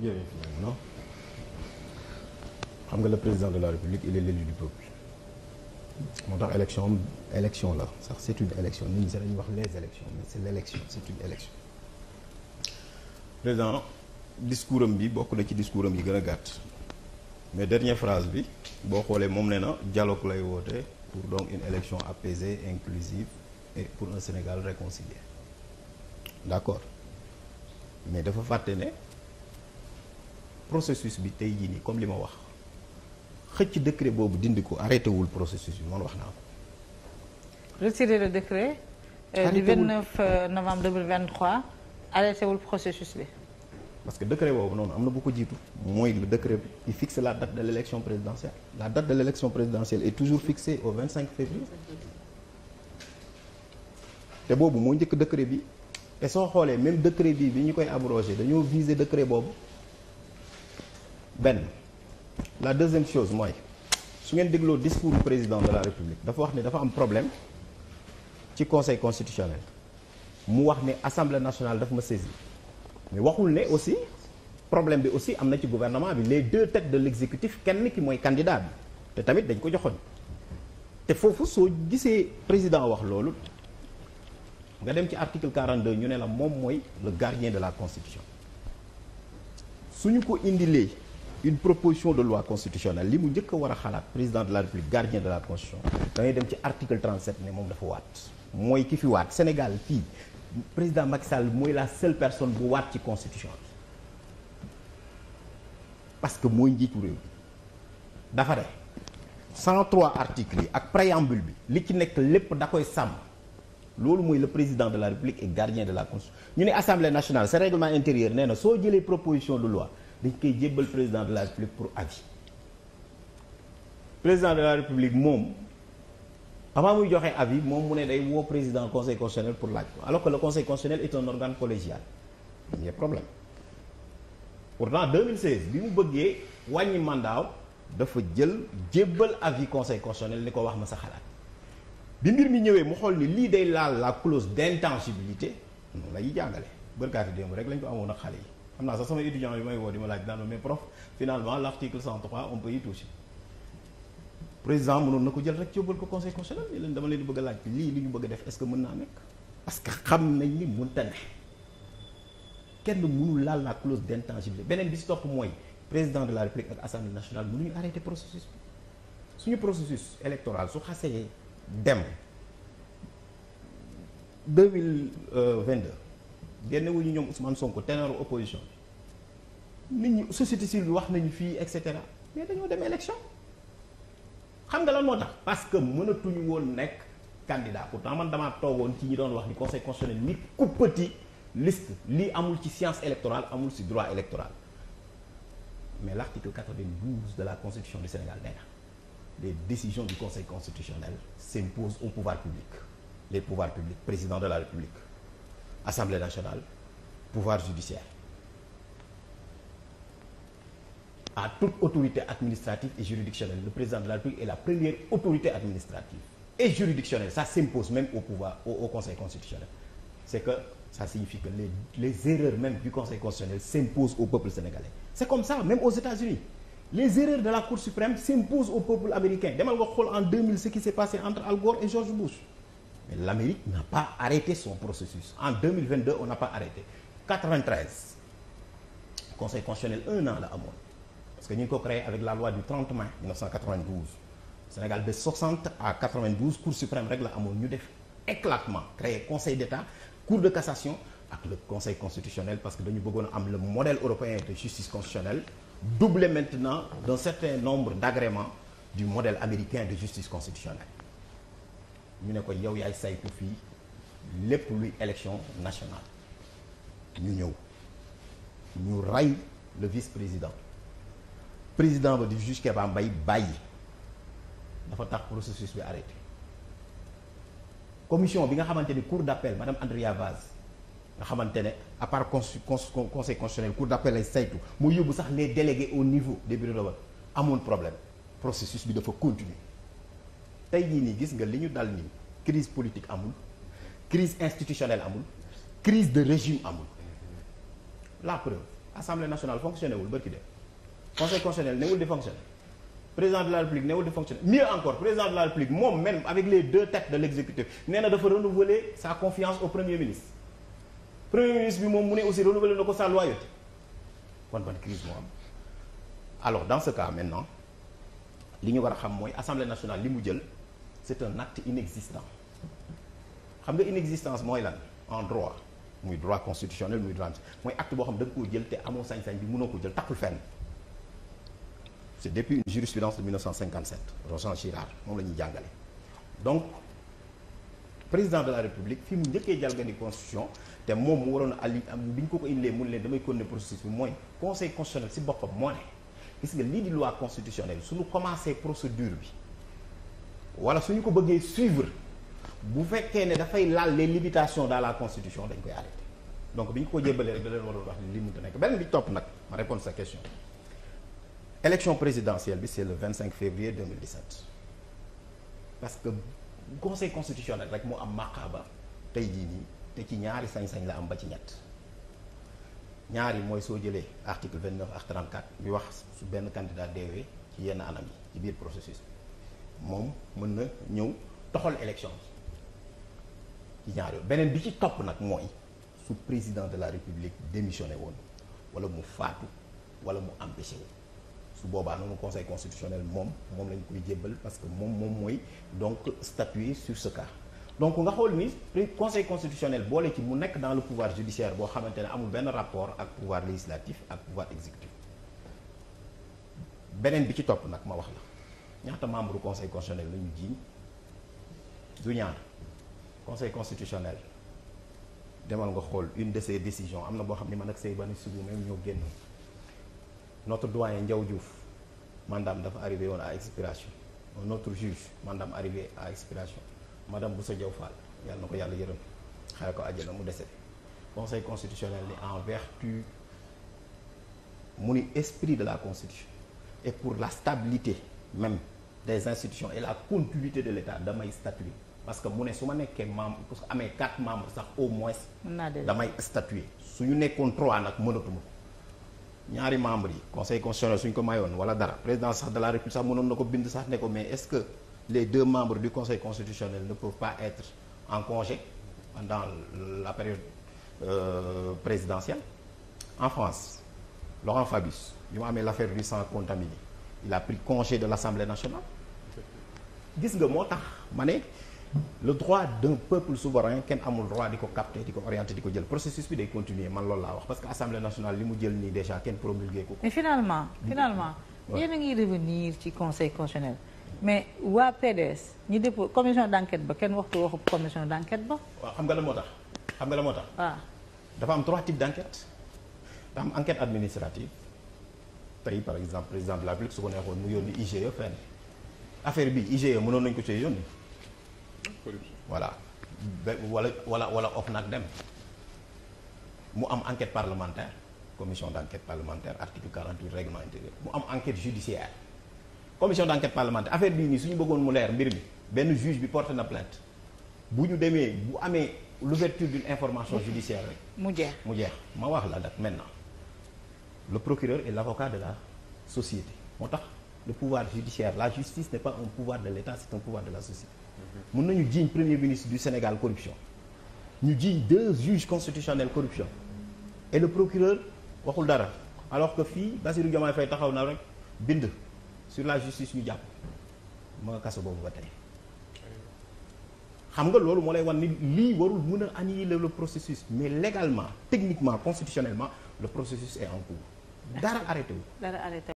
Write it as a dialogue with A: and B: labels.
A: jërëjëf non xam nga la président de la république il est l'élu moo tax élection élection la sax c' est une élection nit ñi sax dañuy wax les élections mais c' est l' élection c' une élection président discours bi bokk na ci discours am yi gën a gàtt mais dernier phrase bi boo xoolee moom nee na dialogue lay woote pour donc une élection apaisée inclusive et pour un Sénégal réconcilié d' mais dafa fàtte ne processus bi tey jii nii comme li ma wax xëcc décret boobu dindi ko arrêté wul processus bi man wax naa ko. retirer le décret. Euh, du 29 euh, novembre 2023 arrêté wul processus bi. parce que décret boobu noonu am na bu ko jiitu mooy le décret qui fixe la date de l' élection présidentielle la date de l' élection présidentielle est toujours fixée au 25 février te boobu moo njëkk décret bi te soo xoolee même décret bi bi ñu koy abrogé dañoo viser décret boobu. benn la deuxième chose mooy su ngeen dégloo discours président de la république dafa wax ne dafa am problème ci conseil constitutionnel mu wax ne assemblée nationale daf ma saisir mais waxul ne aussi problème bi aussi am na ci gouvernement bi les deux têtes de l'exécutif kenn ki mooy candidat bi te tamit dañ ko joxoon te foofu soo gisee président wax loolu nga dem ci article 42 ñu ne la moom mooy le gardien de la constitution ñu ko indilee une proposition de loi constitutionnelle li mu njëkk a war a xalaat président de la république gardien de la constitution da ngay dem ci article 37 moom dafa waat mooy ki fi waat Sénégal fii président Macky Sall mooy la seule personne bu waat ci constitution bi parce que mooy njiitu réew bi dafa de 103 articles yi ak préambule bi li ci nekk lépp da koy sàmm loolu mooy le président de la république et gardien de la constitution ñu ne assemblée nationale sa nee na soo jëlee proposition de loi dañ koy jébbal président de la république pour avis président de la république moom amaa muy joxe avis moom mu ne day woo président conseil constitutionnel pour laaj ko alors que le conseil constitutionnel est un organe collégial il y a problème pourtant 2016 bi mu bëggee wàññi mandaaw dafa jël jébbal avis conseil constitutionnel ni ko wax ma sa xalaat bi mbir mi ñëwee mu xool ni lii day laal la clause d'intangibilité noonu la ñuy jàngale bërkaati démb rek lañ ko amoon ak xale yi am naa sax sama étudiant yu may woo di ma laaj daanaka mais prof finalement l' article 103 on peut y président mënoon na ko jël rek yóbbal ko conseil constitutionnel ni leen dama leen bëgg a laaj lii li ñu bëgg a def est ce que mën naa nekk. parce que xam nañ ni mënta ne kenn mënul laal la clause d' intangibilité beneen bi si topp mooy président de la république ak assemblée nationale mënuñu arrêté processus bi suñu processus électoral su xasee dem 2022. génnewuñu ñoom Ousmane Sonko ténor opposition bi nit ñi société civile bi wax nañu fii et cetera mais dañoo dem élection xam nga lan moo tax parce que mënatuñu woon nekk candidat pourtant man damaa toogoon ci ñi doon wax ni conseil constitutionnel ni kuppati liste lii amul ci science électorale amul ci droit électoral mais l'article 92 de la constitution du Sénégal nee na les décisions du conseil constitutionnel s'imposent au pouvoir public les pouvoirs publics président de la république assemblée nationale pouvoir judiciaire à toute autorité administrative et juridictionnelle le président de la République est la première autorité administrative et juridictionnelle ça s'impose même au pouvoir au, conseil constitutionnel c'est que ça signifie que les les erreurs même du conseil constitutionnel s'imposent au peuple sénégalais c'est comme ça même aux États-Unis les erreurs de la Cour suprême s'imposent au peuple américain demal nga xool mais l'Amérique n'a pas arrêté son processus en 2022 on n'a pas arrêté conseil constitutionnel un an la amoon parce que ñu ngi ko créé avec la loi du 30 mai 1992 Sénégal de à 92 suprême rek la amoon ñu def éclatement créé conseil d'état cour de cassation ak le conseil constitutionnel parce que dañu bëggoon a am le modèle européen de justice constitutionnelle doublé maintenant d'un certain nombre d'agréments du modèle américain de justice constitutionnelle ñu ne ko yow yaay saytu fii lépp luy élection nationale ñu ñëw ñu ray le vice-président président ba di juge Kéba Mbaye bàyyi dafa tax processus bi arrêté commission bi nga xamante ni cour d'appel madame Andrea Vaz nga xamante ne à part conse conseil constitutionnel cour d'appel ay saytu moo yóbbu sax les délégués au niveau des bureaux de vote amoon problème processus bi dafa continuer tey jii nii gis nga li ñu dal nii crise politique amul crise institutionnelle amul crise de régime amul la preuve assemblée nationale fonctionné wul bërki de conseil constitutionnel newul di fonctionné président de la république newul di fonctionné mieux encore président de la république moom même avec les deux têtes de l'exécutif nee na dafa renouveler sa confiance au premier ministre premier ministre bi moom mu ne aussi renouveler na ko sa loyauté kon ban crise moo am alors maintenant li ñu war a xam mooy assemblée nationale li mu jël c'est un acte inexistant xam nga inexistence mooy lan en droit muy droit constitutionnel muy droit mooy acte boo xam da nga koo jël te amoo sañ-sañ bi mënoo ko jël taxul fenn c'est depuis une jurisprudence de 1957 Rosan Girard moom la ñuy jàngale donc président de la république fi mu njëkkee jalgani constitution te moom mu waroon ali am bi ñu ko ko indilee mu ne leen damay continuer processus bi mooy conseil constitutionnel si boppam moo ne gis nga lii di loi constitutionnelle suñu commencé procédure bi wala su ñu ko bëggee suivre bu fekkee ne dafay laal les limitations dans la constitution dañ koy arrêté donc bi ñu ko jébbalee rek da leen waroon wax ni li mënta nekk benn bi topp nag ma répondre sa question élection présidentielle bi c'est le 25 février 2017 parce que conseil constitutionnel rek moo am maqaaba tey jii nii te ci ñaari sañ-sañ la am ba ci ñett ñaari mooy soo jëlee article 29 ak 34 bi wax su benn candidat deewee ci yenn anam yi ci biir processus moom mën na ñëw toxal élection ci ñaar yooyu beneen bi ci topp nag mooy su président de la république démissionné woon wala mu faatu wala mu am wu su boobaa noonu conseil constitutionnel moom moom lañ koy jébbal parce que moom moom mooy donc statuer sur ce cas donc nga xool ni conseil constitutionnel boole ci mu nekk dans le pouvoir judiciaire boo xamante ne amul benn rapport ak pouvoir législatif ak pouvoir exécutif beneen bi ci topp nag ma wax la ñaata membre conseil constitutionnel la ñu jiiñ du ñaar conseil constitutionnel demal nga xool une de ces décisions am na boo xam ni man ak Seybani Sougou même ñoo génn notre doyen njaw Diouf mandaam dafa arriver woon à expiration notre juge mandaam arrivé à expiration bu Boussa Diaw Fall yàlla na ko yàlla yërëm xare ko àjjana mu dese conseil constitutionnel ni en vertu mu ni esprit de la constitution et pour la stabilité même des institutions et la continuité de l'État damay statuer parce que mu ne su ma nekkee membre parce que amee quatre membres sax au moins damay statuer su ñu nekkoon trois nag mënatuma ñaari membres yi conseil constitutionnel suñ ko mayoon wala dara président sax de la république sax mënoon na ko bind sax ne ko mais est-ce que les deux membres du conseil constitutionnel ne peuvent pas être en congé pendant la période euh, présidentielle en France Laurent Fabius mu amee l'affaire du sang contaminé il a pris congé de l'Assemblée nationale gis nga moo tax ma ne le droit d'un peuple souverain kenn amul droit di ko capter di ko orienter di ko jël processus bi day continuer man loolu laa wax parce que assemblée nationale li mu jël nii déjà kenn promulgué ko. mais finalement finalement. yéen a ngi revenir ci conseil constitutionnel. mais waa PDS ñu dépo commission d'enquête ba kenn waxtu waxu commission d'enquête ba. waaw xam nga la moo tax xam nga la moo tax. waaw ah. dafa am trois types d'enquête dafa am enquête administrative. tey par exemple président de la République su ko neexoon mu yónni IGE fenn affaire bi IGE mënoon nañ ko cee yónni. voilà wala wala wala OFNAC dem mu am enquête parlementaire commission d' enquête parlementaire article 48 règlement intérieur mu am enquête judiciaire commission d' enquête parlementaire affaire bii nii su ñu bëggoon mu leer mbir mi benn juge bi porte na plainte bu ñu demee bu amee l'ouverture d'une information judiciaire rek. mu jeex mu jeex ma wax la nag maintenant. le procureur est l'avocat de la société moo tax le pouvoir judiciaire la justice n'est pas un pouvoir de l'État c'est un pouvoir de la société mm-hmm. mën nañu jiiñ premier ministre du Sénégal corruption ñu jiiñ deux juges constitutionnels corruption et le procureur waxul dara alors que fii Bassirou Diomaye Faye taxaw na rek bind sur la justice ñu jàpp ma nga kaso boobu ba tey xam nga loolu moo lay wan ni lii warul mën a annuler le processus mais légalement techniquement constitutionnellement le processus est dara arrêté wu. dara arrêté